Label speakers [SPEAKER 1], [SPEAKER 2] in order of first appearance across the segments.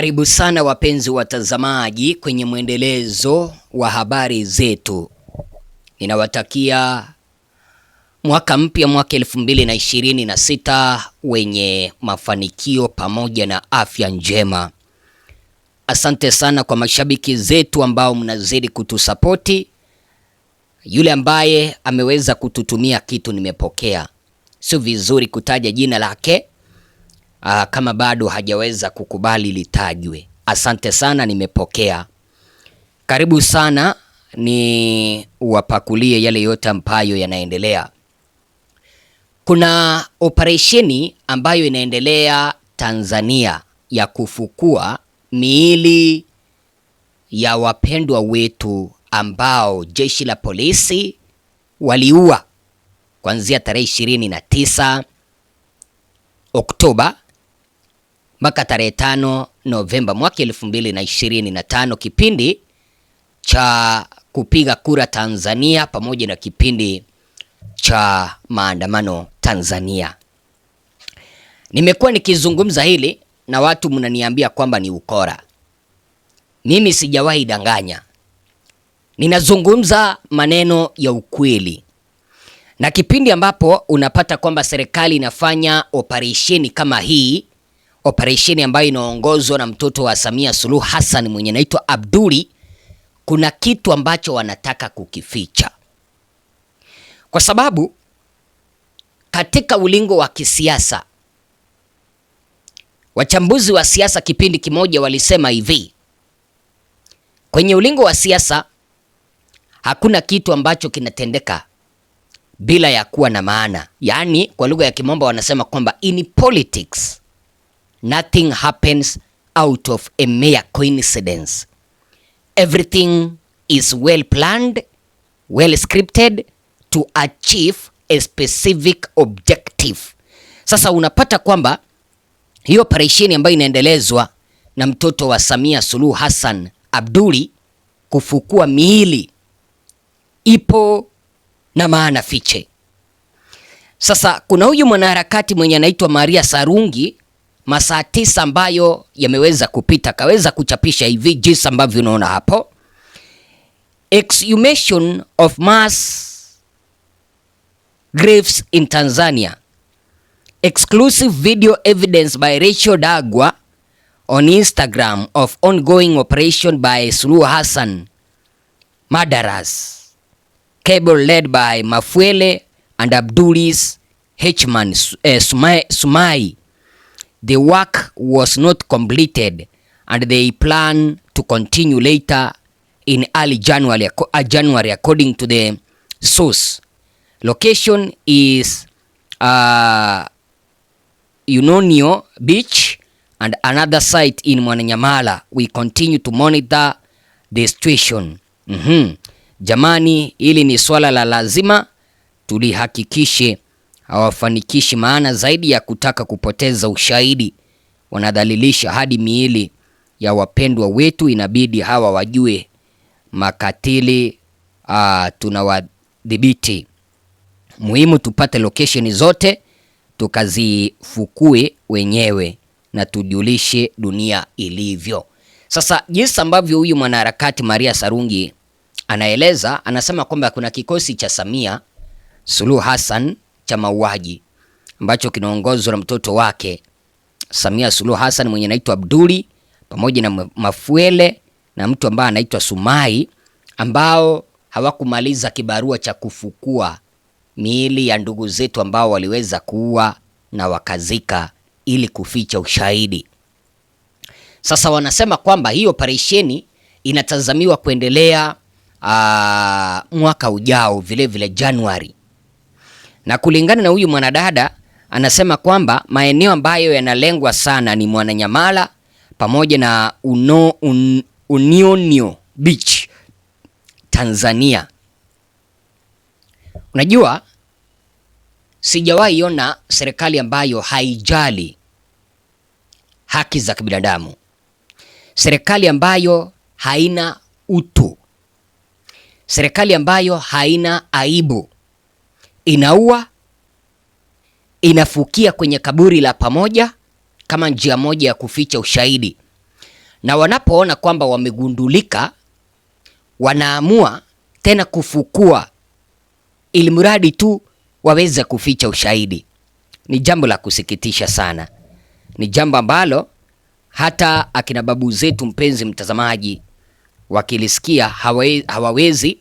[SPEAKER 1] Karibu sana wapenzi watazamaji kwenye mwendelezo wa habari zetu. Ninawatakia mwaka mpya, mwaka elfu mbili na ishirini na sita wenye mafanikio pamoja na afya njema. Asante sana kwa mashabiki zetu ambao mnazidi kutusapoti. Yule ambaye ameweza kututumia kitu nimepokea, sio vizuri kutaja jina lake uh, kama bado hajaweza kukubali litajwe. Asante sana, nimepokea. Karibu sana, ni wapakulie yale yote ambayo yanaendelea. Kuna operesheni ambayo inaendelea Tanzania ya kufukua miili ya wapendwa wetu ambao jeshi la polisi waliua kuanzia tarehe 29 Oktoba mpaka tarehe tano Novemba mwaka elfu mbili na ishirini na tano kipindi cha kupiga kura Tanzania pamoja na kipindi cha maandamano Tanzania. Nimekuwa nikizungumza hili na watu mnaniambia kwamba ni ukora. Mimi sijawahi danganya, ninazungumza maneno ya ukweli. Na kipindi ambapo unapata kwamba serikali inafanya operesheni kama hii operesheni ambayo inaongozwa na mtoto wa Samia Suluhu Hassan mwenye naitwa Abduli, kuna kitu ambacho wanataka kukificha, kwa sababu katika ulingo wa kisiasa wachambuzi wa siasa kipindi kimoja walisema hivi, kwenye ulingo wa siasa hakuna kitu ambacho kinatendeka bila ya kuwa na maana, yaani kwa lugha ya kimombo wanasema kwamba in politics Nothing happens out of a mere coincidence. Everything is well planned, well scripted to achieve a specific objective. Sasa unapata kwamba hiyo operesheni ambayo inaendelezwa na mtoto wa Samia Suluhu Hassan Abduli kufukua miili ipo na maana fiche. Sasa kuna huyu mwanaharakati mwenye anaitwa Maria Sarungi masaa tisa ambayo yameweza kupita, kaweza kuchapisha hivi jinsi ambavyo unaona hapo, exhumation of mass graves in Tanzania, exclusive video evidence by Rachel Dagwa on Instagram of ongoing operation by Suluhu Hassan murderers cable led by Mafuele and Abdulis Hechman eh, Sumai, Sumai The work was not completed and they plan to continue later in early January, uh, January according to the source. Location is uh, Unonio Beach and another site in Mwananyamala. We continue to monitor the situation. Mm -hmm. Jamani, hili ni swala la lazima tulihakikishe hawafanikishi maana zaidi ya kutaka kupoteza ushahidi wanadhalilisha hadi miili ya wapendwa wetu. Inabidi hawa wajue makatili ah, tunawadhibiti. Muhimu tupate location zote tukazifukue wenyewe na tujulishe dunia ilivyo. Sasa jinsi ambavyo huyu mwanaharakati Maria Sarungi anaeleza, anasema kwamba kuna kikosi cha Samia Suluhu Hassan cha mauaji ambacho kinaongozwa na mtoto wake Samia Suluhu Hassan mwenye anaitwa Abduli pamoja na Mafuele na mtu ambaye anaitwa Sumai ambao hawakumaliza kibarua cha kufukua miili ya ndugu zetu ambao waliweza kuua na wakazika ili kuficha ushahidi. Sasa wanasema kwamba hii operesheni inatazamiwa kuendelea aa, mwaka ujao vilevile vile Januari. Na kulingana na huyu mwanadada anasema kwamba maeneo ambayo yanalengwa sana ni Mwananyamala pamoja na uno, un, Unionio Beach Tanzania. Unajua, sijawahi ona serikali ambayo haijali haki za kibinadamu, serikali ambayo haina utu, serikali ambayo haina aibu, inaua, inafukia kwenye kaburi la pamoja kama njia moja ya kuficha ushahidi, na wanapoona kwamba wamegundulika, wanaamua tena kufukua ili mradi tu waweze kuficha ushahidi. Ni jambo la kusikitisha sana, ni jambo ambalo hata akina babu zetu, mpenzi mtazamaji, wakilisikia hawawezi, hawawezi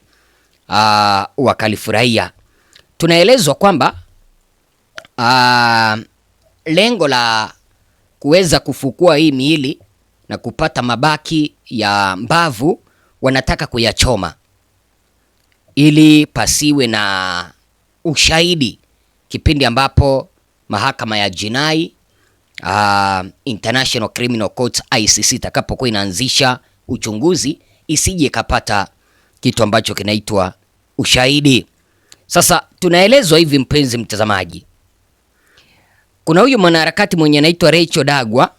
[SPEAKER 1] uh, wakalifurahia tunaelezwa kwamba uh, lengo la kuweza kufukua hii miili na kupata mabaki ya mbavu wanataka kuyachoma ili pasiwe na ushahidi kipindi ambapo mahakama ya jinai uh, International Criminal Court ICC itakapokuwa inaanzisha uchunguzi isije ikapata kitu ambacho kinaitwa ushahidi. Sasa tunaelezwa hivi, mpenzi mtazamaji, kuna huyu mwanaharakati mwenye anaitwa Rachel Dagwa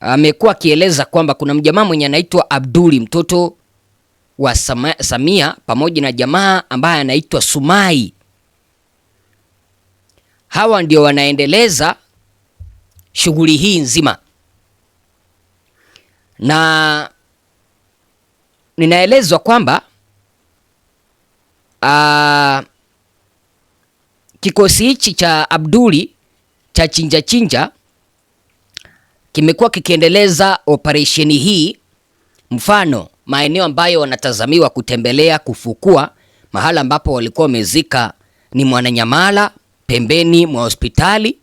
[SPEAKER 1] amekuwa akieleza kwamba kuna mjamaa mwenye anaitwa Abduli mtoto wa Samia pamoja na jamaa ambaye anaitwa Sumai. Hawa ndio wanaendeleza shughuli hii nzima, na ninaelezwa kwamba Ah, kikosi hichi cha Abduli cha Chinja Chinja kimekuwa kikiendeleza operesheni hii, mfano maeneo ambayo wanatazamiwa kutembelea kufukua, mahala ambapo walikuwa wamezika ni Mwananyamala pembeni mwa hospitali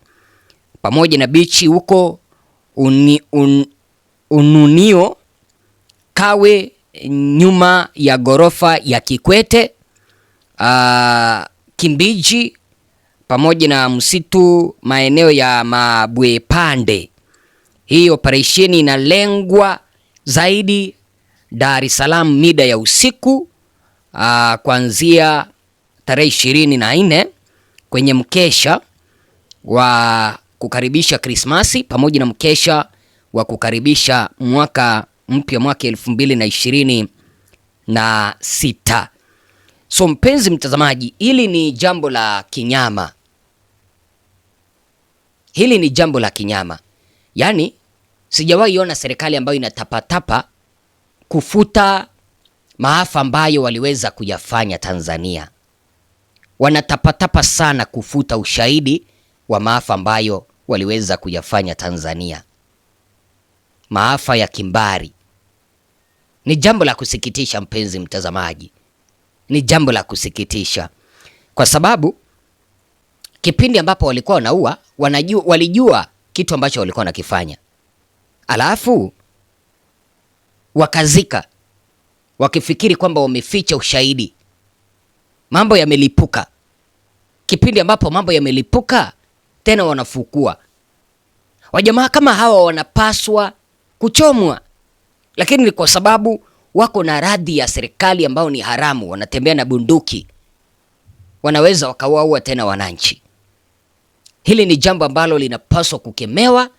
[SPEAKER 1] pamoja na bichi huko uni, un, Ununio Kawe nyuma ya ghorofa ya Kikwete uh, Kimbiji pamoja na msitu maeneo ya Mabwepande. Hii operesheni inalengwa zaidi Dar es Salaam mida ya usiku uh, kuanzia tarehe ishirini na nne kwenye mkesha wa kukaribisha Krismasi pamoja na mkesha wa kukaribisha mwaka mpya mwaka elfu mbili na ishirini na sita. So mpenzi mtazamaji, hili ni jambo la kinyama, hili ni jambo la kinyama. Yaani sijawahi ona serikali ambayo inatapatapa kufuta maafa ambayo waliweza kuyafanya Tanzania. Wanatapatapa sana kufuta ushahidi wa maafa ambayo waliweza kuyafanya Tanzania, maafa ya kimbari. Ni jambo la kusikitisha mpenzi mtazamaji ni jambo la kusikitisha, kwa sababu kipindi ambapo walikuwa wanaua wanajua, walijua kitu ambacho walikuwa wanakifanya, alafu wakazika wakifikiri kwamba wameficha ushahidi. Mambo yamelipuka. Kipindi ambapo mambo yamelipuka, tena wanafukua wajamaa kama hawa wanapaswa kuchomwa, lakini ni kwa sababu wako na radhi ya serikali ambao ni haramu, wanatembea na bunduki, wanaweza wakawaua tena wananchi. Hili ni jambo ambalo linapaswa kukemewa.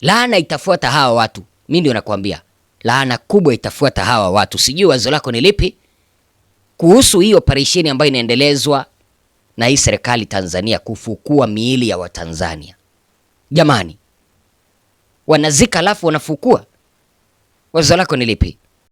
[SPEAKER 1] Laana itafuata hawa watu, mi ndio nakwambia, laana kubwa itafuata hawa watu. Sijui wazo lako ni lipi kuhusu hii operesheni ambayo inaendelezwa na hii serikali Tanzania kufukua miili ya Watanzania? Jamani, wanazika alafu wanafukua. Wazo lako ni lipi?